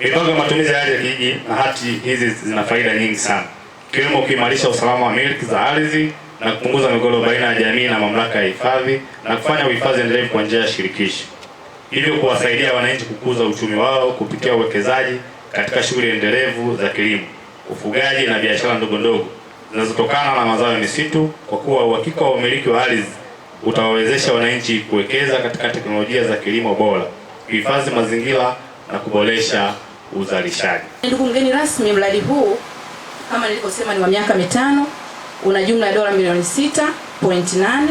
Mipango ya matumizi ya ardhi ya kijiji na hati hizi zina faida nyingi sana, ikiwemo kuimarisha usalama wa miliki za ardhi na kupunguza migogoro baina ya jamii na mamlaka ya hifadhi na kufanya uhifadhi endelevu kwa njia ya shirikishi, hivyo kuwasaidia wananchi kukuza uchumi wao kupitia uwekezaji katika shughuli endelevu za kilimo, ufugaji na biashara ndogo ndogo zinazotokana na mazao ya misitu, kwa kuwa uhakika wa umiliki wa ardhi utawawezesha wananchi kuwekeza katika teknolojia za kilimo bora, kuhifadhi mazingira na kuboresha uzalishaji. Ndugu mgeni rasmi, mradi huu kama nilivyosema ni wa miaka mitano, una jumla ya dola milioni 6.8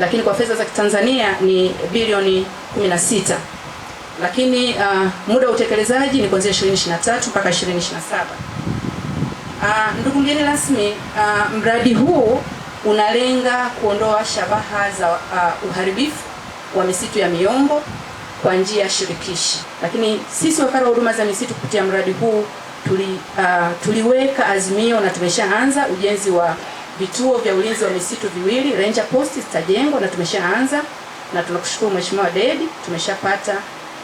lakini kwa fedha za kitanzania ni bilioni 16, lakini uh, muda wa utekelezaji ni kuanzia 2023 mpaka 2027. Uh, ndugu mgeni rasmi, uh, mradi huu unalenga kuondoa shabaha za uh, uharibifu wa misitu ya miombo kwa njia shirikishi. Lakini sisi wakala wa huduma za misitu kupitia mradi huu tuli, uh, tuliweka azimio na tumeshaanza ujenzi wa vituo vya ulinzi wa misitu viwili ranger post zitajengwa na tumeshaanza, na tunakushukuru Mheshimiwa Dedi, tumeshapata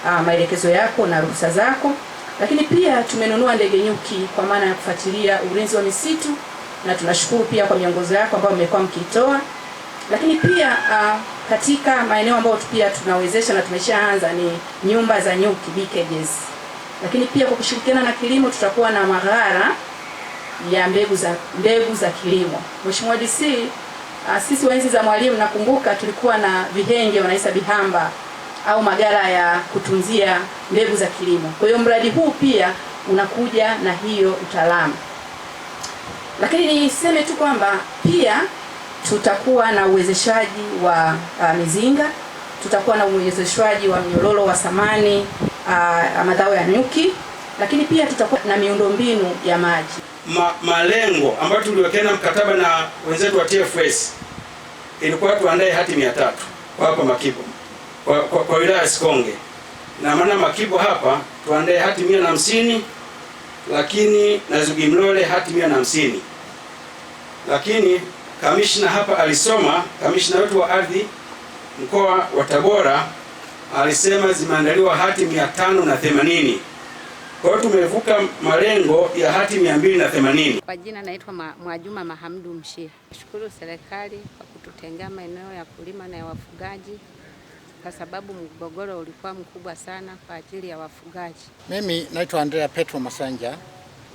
uh, maelekezo yako na ruhusa zako, lakini pia tumenunua ndege nyuki kwa maana ya kufuatilia ulinzi wa misitu, na tunashukuru pia kwa miongozo yako ambayo mmekuwa mkiitoa, lakini pia uh, katika maeneo ambayo pia tunawezesha na tumeshaanza ni nyumba za nyuki bee cages, lakini pia kwa kushirikiana na kilimo tutakuwa na maghara ya mbegu za mbegu za kilimo. Mheshimiwa DC, ah, sisi wenzi za Mwalimu nakumbuka tulikuwa na vihenge wanaisa bihamba au maghala ya kutunzia mbegu za kilimo. Kwa hiyo mradi huu pia unakuja na hiyo utaalamu, lakini niseme tu kwamba pia tutakuwa na uwezeshaji wa uh, mizinga, tutakuwa na uwezeshaji wa mnyororo wa samani uh, madhao ya nyuki, lakini pia tutakuwa na miundombinu ya maji. Ma, malengo ambayo tuliwekeana mkataba na wenzetu wa TFS ilikuwa tuandae hati mia tatu kwa hapa Makibo kwa, kwa, kwa wilaya ya Sikonge na maana Makibo hapa tuandae hati mia na hamsini lakini na Zugimlole hati mia na hamsini lakini Kamishna hapa alisoma, kamishna wetu wa ardhi mkoa wa Tabora alisema zimeandaliwa hati 580. Kwa hiyo tumevuka malengo ya hati 280. Kwa jina naitwa Mwajuma Mahamdu Mshia. Nashukuru serikali kwa kututengea maeneo ya kulima na ya wafugaji kwa sababu mgogoro ulikuwa mkubwa sana kwa ajili ya wafugaji. Mimi naitwa Andrea Petro Masanja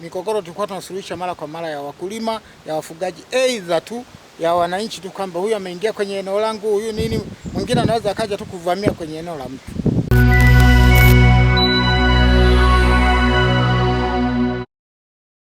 migogoro tulikuwa tunasuluhisha mara kwa mara ya wakulima, ya wafugaji, aidha tu ya wananchi tu, kwamba huyu ameingia kwenye eneo langu, huyu nini. Mwingine anaweza akaja tu kuvamia kwenye eneo la mtu.